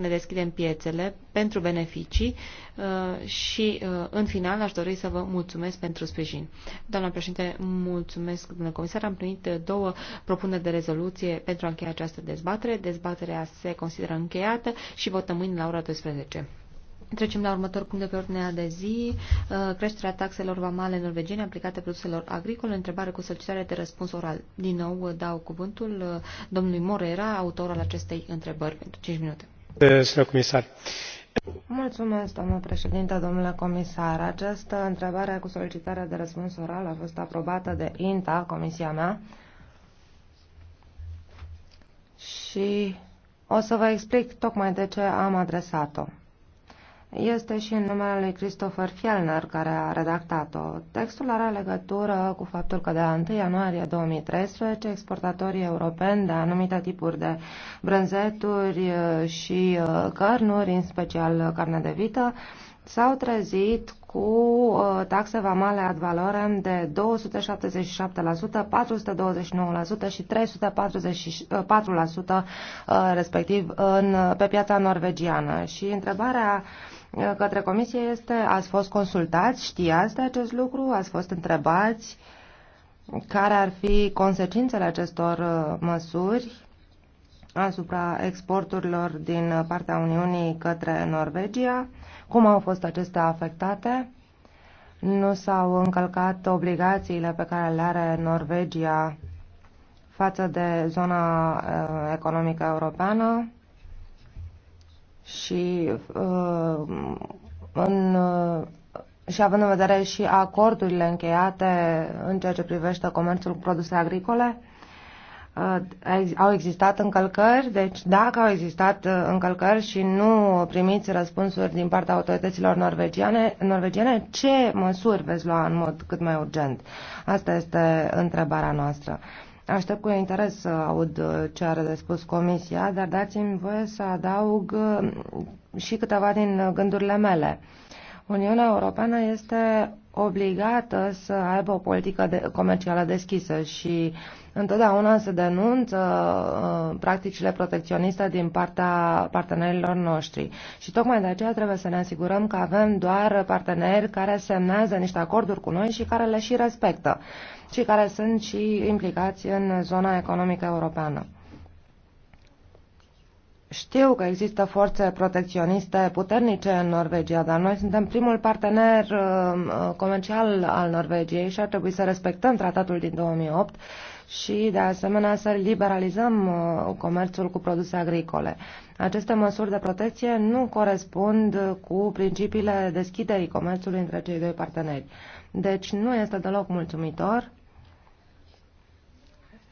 ne deschidem piețele pentru beneficii uh, și, uh, în final, aș dori să vă mulțumesc pentru sprijin. Doamna președinte, mulțumesc, domnule comisar. Am primit uh, două propuneri de rezoluție pentru a încheia această dezbatere. Dezbaterea se consideră încheiată și votăm mâine la ora 12. Trecem la următor punct de pe ordinea de zi. Creșterea taxelor vamale norvegiene aplicate produselor agricole. Întrebare cu solicitare de răspuns oral. Din nou dau cuvântul domnului Morera, autor al acestei întrebări, pentru 5 minute. Eh, Mulțumesc, doamnă președinte, domnule comisar. Această întrebare cu solicitarea de răspuns oral a fost aprobată de INTA, comisia mea, și o să vă explic tocmai de ce am adresat-o este și în numele lui Christopher Fjellner, care a redactat-o. Textul are legătură cu faptul că de la 1 ianuarie 2013 exportatorii europeni de anumite tipuri de brânzeturi uh, și uh, cărnuri, în special carne de vită, s-au trezit cu uh, taxe vamale ad valorem de 277%, 429% și 344% respectiv în, pe piața norvegiană. Și întrebarea către comisie este ați fost consultați, știați de acest lucru, ați fost întrebați care ar fi consecințele acestor uh, măsuri asupra exporturilor din partea Uniunii către Norvegia, cum au fost acestea afectate, nu s-au încălcat obligațiile pe care le are Norvegia față de zona uh, economică europeană, și uh, în uh, și având în vedere și acordurile încheiate în ceea ce privește comerțul cu produse agricole, uh, au existat încălcări, deci dacă au existat încălcări și nu primiți răspunsuri din partea autorităților norvegiane, norvegiene, ce măsuri veți lua în mod cât mai urgent? Asta este întrebarea noastră. Aștept cu interes să aud uh, ce are de spus Comisia, dar dați-mi voie să adaug uh, și câteva din gândurile mele. Uniunea Europeană este obligată să aibă o politică de, comercială deschisă și întotdeauna se denunță uh, practicile protecționiste din partea partenerilor noștri. Și tocmai de aceea trebuie să ne asigurăm că avem doar parteneri care semnează niște acorduri cu noi și care le și respectă și care sunt și implicați în zona economică europeană. Știu că există forțe protecționiste puternice în Norvegia, dar noi suntem primul partener uh, uh, comercial al Norvegiei și ar trebui să respectăm tratatul din 2008 și, de asemenea, să liberalizăm uh, comerțul cu produse agricole. Aceste măsuri de protecție nu corespund cu principiile deschiderii comerțului între cei doi parteneri. Deci nu este deloc mulțumitor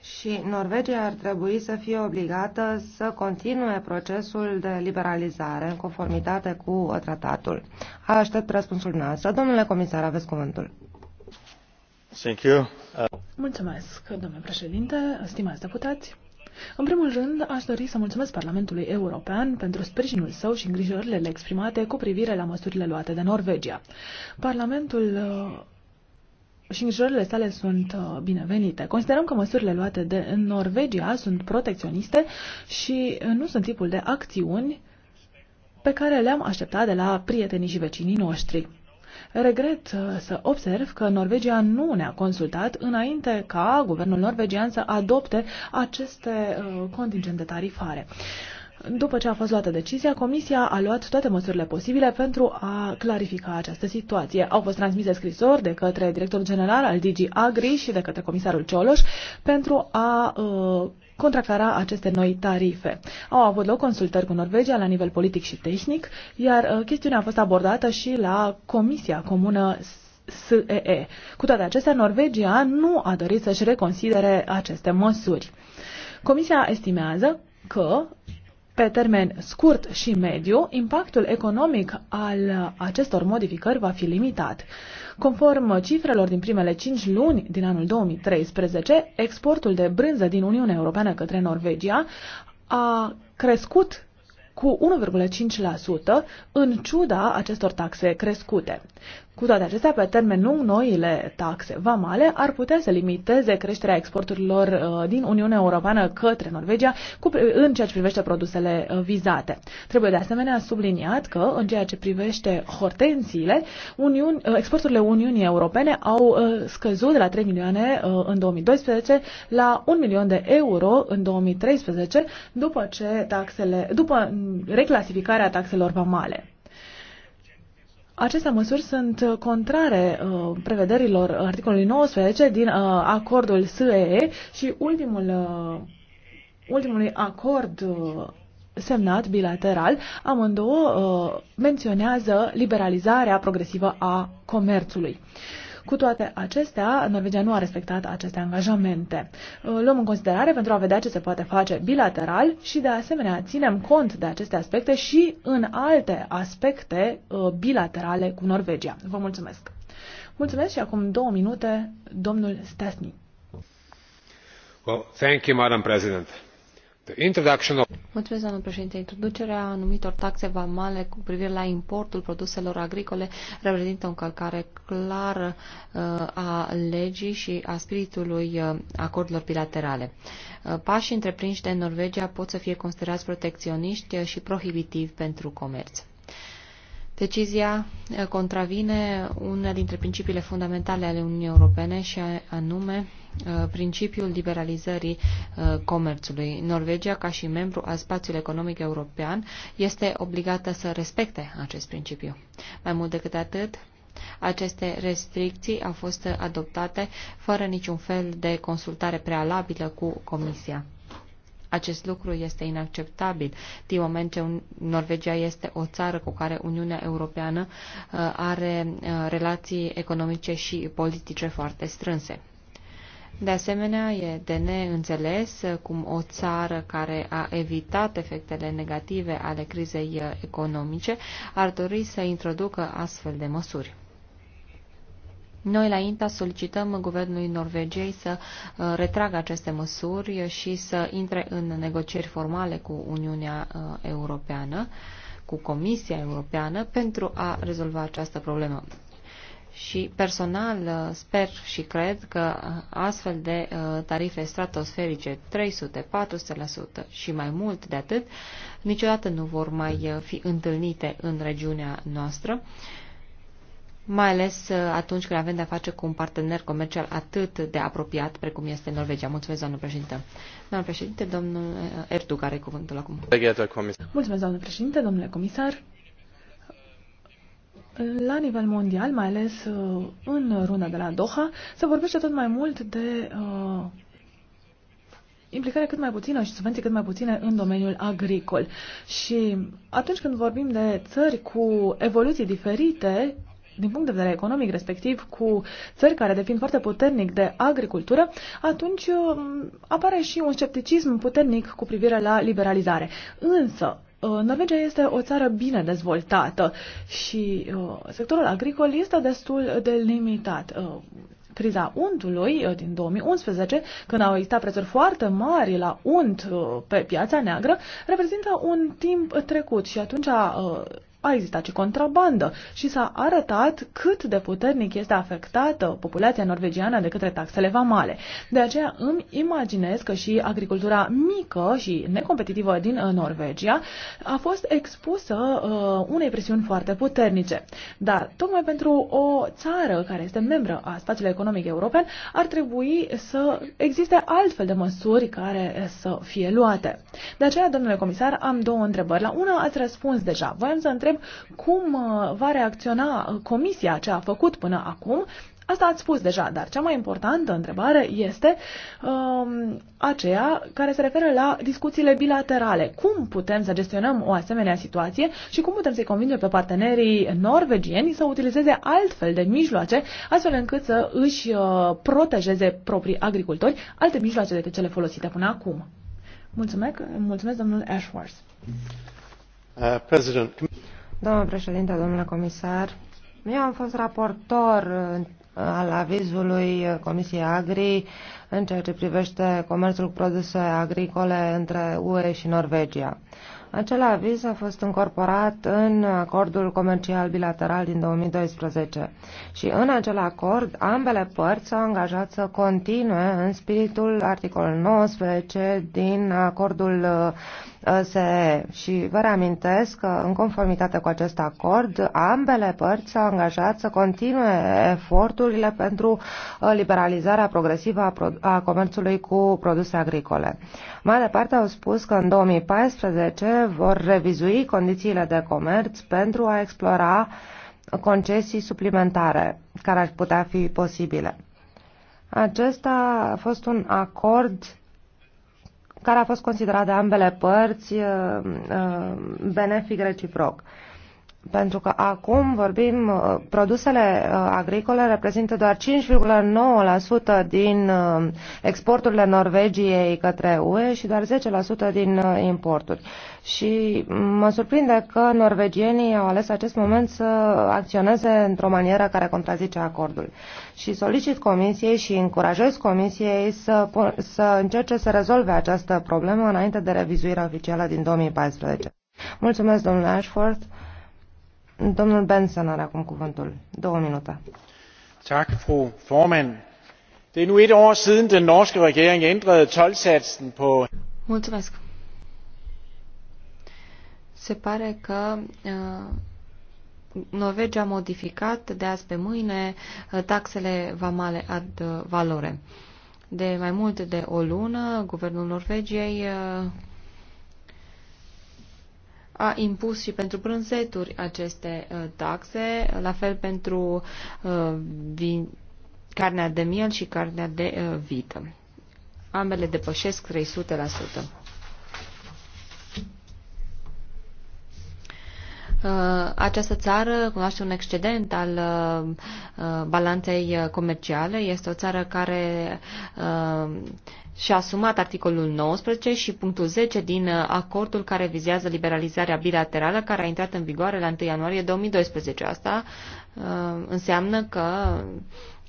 și Norvegia ar trebui să fie obligată să continue procesul de liberalizare în conformitate cu uh, tratatul. Aștept răspunsul noastră. Domnule comisar, aveți cuvântul. Thank you. Mulțumesc, domnule președinte, stimați deputați. În primul rând, aș dori să mulțumesc Parlamentului European pentru sprijinul său și îngrijorările exprimate cu privire la măsurile luate de Norvegia. Parlamentul uh, și îngrijorările sale sunt uh, binevenite. Considerăm că măsurile luate de Norvegia sunt protecționiste și uh, nu sunt tipul de acțiuni pe care le-am așteptat de la prietenii și vecinii noștri. Regret uh, să observ că Norvegia nu ne-a consultat înainte ca guvernul norvegian să adopte aceste contingente tarifare. După ce a fost luată decizia, Comisia a luat toate măsurile posibile pentru a clarifica această situație. Au fost transmise scrisori de către directorul general al DG Agri și de către comisarul Cioloș pentru a uh, contracara aceste noi tarife. Au avut loc consultări cu Norvegia la nivel politic și tehnic, iar uh, chestiunea a fost abordată și la Comisia Comună SEE. Cu toate acestea, Norvegia nu a dorit să-și reconsidere aceste măsuri. Comisia estimează că pe termen scurt și mediu, impactul economic al acestor modificări va fi limitat. Conform cifrelor din primele 5 luni din anul 2013, exportul de brânză din Uniunea Europeană către Norvegia a crescut cu 1,5% în ciuda acestor taxe crescute. Cu toate acestea, pe termen lung, noile taxe vamale ar putea să limiteze creșterea exporturilor uh, din Uniunea Europeană către Norvegia cu, în ceea ce privește produsele uh, vizate. Trebuie de asemenea subliniat că, în ceea ce privește hortențiile, Uniun, uh, exporturile Uniunii Europene au scăzut de la 3 milioane în 2012 la 1 milion de euro în 2013, după ce taxele, după reclasificarea taxelor vamale. Aceste măsuri sunt contrare uh, prevederilor articolului 19 din uh, acordul SEE și ultimul, uh, ultimului acord uh, semnat bilateral, amândouă uh, menționează liberalizarea progresivă a comerțului. Uh, cu toate acestea, Norvegia nu a respectat aceste angajamente. Luăm în considerare pentru a vedea ce se poate face bilateral și, de asemenea, ținem cont de aceste aspecte și în alte aspecte uh, bilaterale cu Norvegia. Vă mulțumesc! Mulțumesc și acum două minute, domnul Stasny. Well, thank you, Madam President. Mulțumesc, doamnă președinte. Introducerea anumitor taxe vamale cu privire la importul produselor agricole reprezintă o încălcare clară uh, a legii și a spiritului uh, acordurilor bilaterale. Uh, pașii întreprinși de Norvegia pot să fie considerați protecționiști și prohibitivi pentru comerț. Decizia eh, contravine una dintre principiile fundamentale ale Uniunii Europene și anume eh, principiul liberalizării eh, comerțului. Norvegia, ca și membru al spațiului economic european, este obligată să respecte acest principiu. Mai mult decât atât, aceste restricții au fost adoptate fără niciun fel de consultare prealabilă cu Comisia. Acest lucru este inacceptabil din moment ce Norvegia este o țară cu care Uniunea Europeană uh, are uh, relații economice și politice foarte strânse. De asemenea, e de neînțeles uh, cum o țară care a evitat efectele negative ale crizei economice ar dori să introducă astfel de măsuri. Noi la INTA solicităm guvernului Norvegiei să uh, retragă aceste măsuri și să intre în negocieri formale cu Uniunea uh, Europeană, cu Comisia Europeană, pentru a rezolva această problemă. Și personal uh, sper și cred că astfel de tarife stratosferice 300-400% și mai mult de atât niciodată nu vor mai fi întâlnite în regiunea noastră mai ales uh, atunci când avem de-a face cu un partener comercial atât de apropiat precum este Norvegia. Mulțumesc, doamnă președinte. Doamnă președinte, domnul uh, Ertug are cuvântul acum. Mulțumesc, doamnă președinte, domnule comisar. La nivel mondial, mai ales uh, în runda de la Doha, se vorbește tot mai mult de uh, implicare cât mai puțină și subvenții cât mai puține în domeniul agricol. Și atunci când vorbim de țări cu evoluții diferite, din punct de vedere economic, respectiv cu țări care depind foarte puternic de agricultură, atunci um, apare și un scepticism puternic cu privire la liberalizare. Însă, uh, Norvegia este o țară bine dezvoltată și uh, sectorul agricol este destul de limitat uh, criza untului din 2011, când au existat prețuri foarte mari la unt pe piața neagră, reprezintă un timp trecut și atunci a existat și contrabandă și s-a arătat cât de puternic este afectată populația norvegiană de către taxele vamale. De aceea îmi imaginez că și agricultura mică și necompetitivă din uh, Norvegia a fost expusă uh, unei presiuni foarte puternice. Dar tocmai pentru o țară care este membră a spațiului economic european ar trebui să existe altfel de măsuri care să fie luate. De aceea, domnule comisar, am două întrebări. La una ați răspuns deja. Voiam să întreb întreb cum uh, va reacționa uh, comisia ce a făcut până acum. Asta ați spus deja, dar cea mai importantă întrebare este um, aceea care se referă la discuțiile bilaterale. Cum putem să gestionăm o asemenea situație și cum putem să-i convingem pe partenerii norvegieni să utilizeze altfel de mijloace, astfel încât să își uh, protejeze proprii agricultori, alte mijloace decât cele folosite până acum. Mulțumesc, mulțumesc domnul Ashworth. Uh, Domnul președinte, domnule comisar, eu am fost raportor al avizului Comisiei Agri în ceea ce privește comerțul produse agricole între UE și Norvegia. Acel aviz a fost incorporat în acordul comercial bilateral din 2012 și în acel acord ambele părți s-au angajat să continue în spiritul articolului 19 din acordul uh, SE și vă reamintesc că în conformitate cu acest acord ambele părți s-au angajat să continue eforturile pentru uh, liberalizarea progresivă a comerțului cu produse agricole. Mai departe au spus că în 2014 vor revizui condițiile de comerț pentru a explora concesii suplimentare care ar putea fi posibile. Acesta a fost un acord care a fost considerat de ambele părți uh, uh, benefic reciproc pentru că acum vorbim, uh, produsele uh, agricole reprezintă doar 5,9% din uh, exporturile Norvegiei către UE și doar 10% din importuri. Și mă surprinde că norvegienii au ales acest moment să acționeze într-o manieră care contrazice acordul. Și solicit comisiei și încurajez comisiei să, să încerce să rezolve această problemă înainte de revizuirea oficială din 2014. Mulțumesc, domnule Ashford. Domnul Benson are acum cuvântul. Două minute. Tak, fru formand. Det er nu et år siden den norske regering ændrede tolvsatsen på... Mulțumesc. Se pare că uh, Norvegia a modificat de azi pe mâine uh, taxele vamale ad uh, valore. De mai mult de o lună, guvernul Norvegiei uh, a impus și pentru prânzeturi aceste uh, taxe, la fel pentru uh, vin, carnea de miel și carnea de uh, vită. Ambele depășesc 300%. Uh, această țară cunoaște un excedent al uh, uh, balanței comerciale. Este o țară care și-a asumat articolul 19 și punctul 10 din acordul care vizează liberalizarea bilaterală care a intrat în vigoare la 1 ianuarie 2012. Asta înseamnă că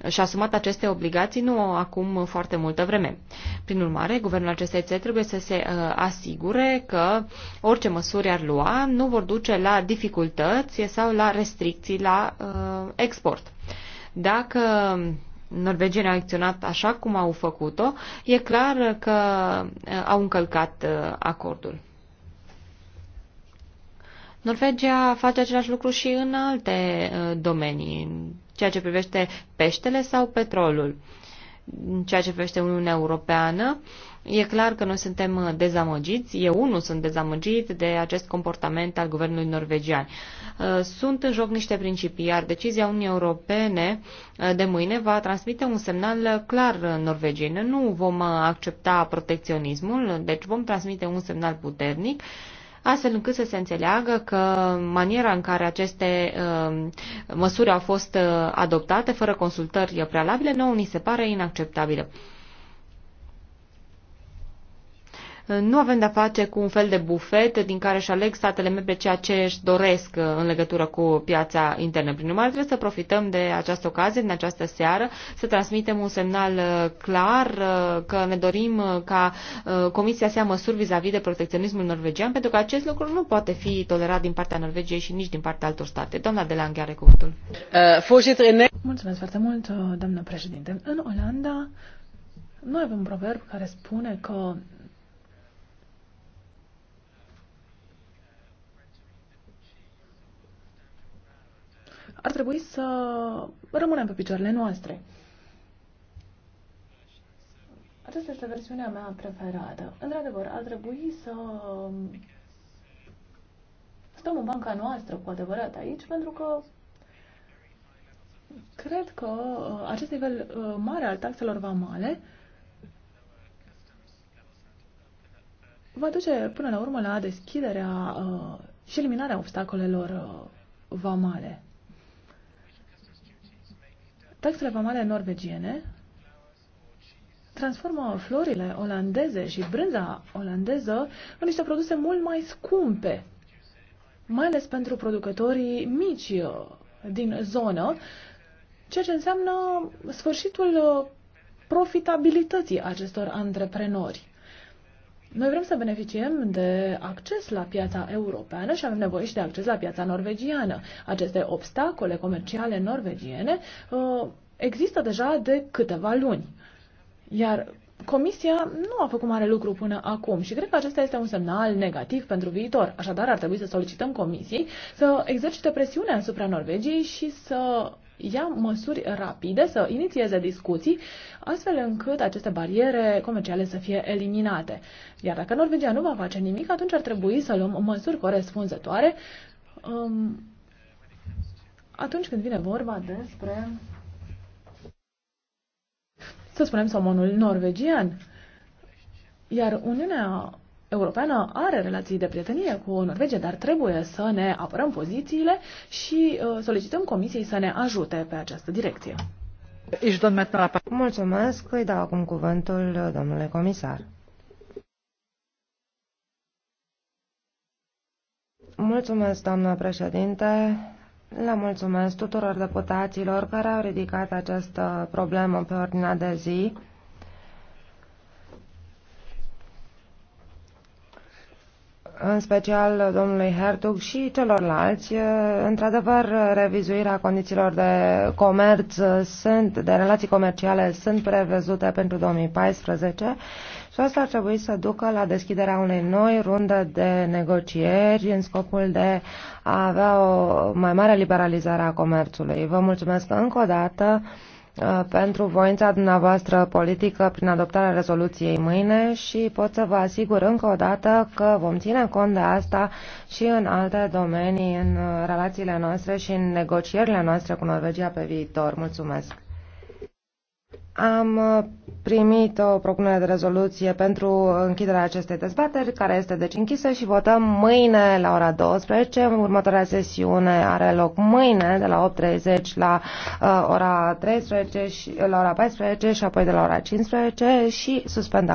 și-a asumat aceste obligații nu acum foarte multă vreme. Prin urmare, guvernul acestei țări trebuie să se uh, asigure că orice măsuri ar lua nu vor duce la dificultăți sau la restricții la uh, export. Dacă Norvegia au acționat așa cum au făcut-o, e clar că uh, au încălcat acordul. Norvegia face același lucru și în alte domenii, ceea ce privește peștele sau petrolul. În ceea ce privește Uniunea Europeană, e clar că noi suntem dezamăgiți, eu nu sunt dezamăgit de acest comportament al guvernului norvegian. Uh, sunt în joc niște principii, iar decizia Uniunii Europene uh, de mâine va transmite un semnal clar norvegiei. Nu vom uh, accepta protecționismul, deci vom transmite un semnal puternic astfel încât să se înțeleagă că maniera în care aceste um, măsuri au fost uh, adoptate fără consultări prealabile nouă ni se pare inacceptabilă. Nu avem de-a face cu un fel de bufet din care își aleg statele membre ceea ce își doresc uh, în legătură cu piața internă. Prin urmare, trebuie să profităm de această ocazie, din această seară, să transmitem un semnal uh, clar uh, că ne dorim ca Comisia să ia măsuri vis-a-vis -vis de protecționismul norvegian, pentru că acest lucru nu poate fi tolerat din partea Norvegiei și nici din partea altor state. Doamna de la are cuvântul. Mulțumesc foarte mult, doamnă președinte. În Olanda, noi avem un proverb care spune că ar trebui să rămânem pe picioarele noastre. Aceasta este versiunea mea preferată. Într-adevăr, ar trebui să stăm în banca noastră cu adevărat aici, pentru că cred că uh, acest nivel uh, mare al taxelor vamale va duce până la urmă la deschiderea uh, și eliminarea obstacolelor vamale. Taxele vamale norvegiene transformă florile olandeze și brânza olandeză în niște produse mult mai scumpe, mai ales pentru producătorii mici uh, din zonă, ceea ce înseamnă sfârșitul uh, profitabilității acestor antreprenori. Noi vrem să beneficiem de acces la piața europeană și avem nevoie și de acces la piața norvegiană. Aceste obstacole comerciale norvegiene uh, există deja de câteva luni. Iar Comisia nu a făcut mare lucru până acum și cred că acesta este un semnal negativ pentru viitor. Așadar, ar trebui să solicităm Comisiei să exercite presiunea asupra Norvegiei și să ia măsuri rapide, să inițieze discuții, astfel încât aceste bariere comerciale să fie eliminate. Iar dacă Norvegia nu va face nimic, atunci ar trebui să luăm măsuri corespunzătoare um, atunci când vine vorba despre, să spunem, somonul norvegian. Iar Uniunea Europeană are relații de prietenie cu Norvegia, dar trebuie să ne apărăm pozițiile și uh, solicităm Comisiei să ne ajute pe această direcție. Mulțumesc, îi dau acum cuvântul uh, domnule comisar. Mulțumesc, doamnă președinte. Le mulțumesc tuturor deputaților care au ridicat această problemă pe ordinea de zi. în special domnului Hertug și celorlalți. Într-adevăr, revizuirea condițiilor de comerț sunt, de relații comerciale sunt prevăzute pentru 2014 și asta ar trebui să ducă la deschiderea unei noi runde de negocieri în scopul de a avea o mai mare liberalizare a comerțului. Vă mulțumesc încă o dată. Uh, pentru voința dumneavoastră politică prin adoptarea rezoluției mâine și pot să vă asigur încă o dată că vom ține cont de asta și în alte domenii, în uh, relațiile noastre și în negocierile noastre cu Norvegia pe viitor. Mulțumesc! Am uh, primit o propunere de rezoluție pentru închiderea acestei dezbateri, care este deci închisă și votăm mâine la ora 12. Următoarea sesiune are loc mâine de la 8.30 la uh, ora 13 și la ora 14 și apoi de la ora 15 și suspendăm.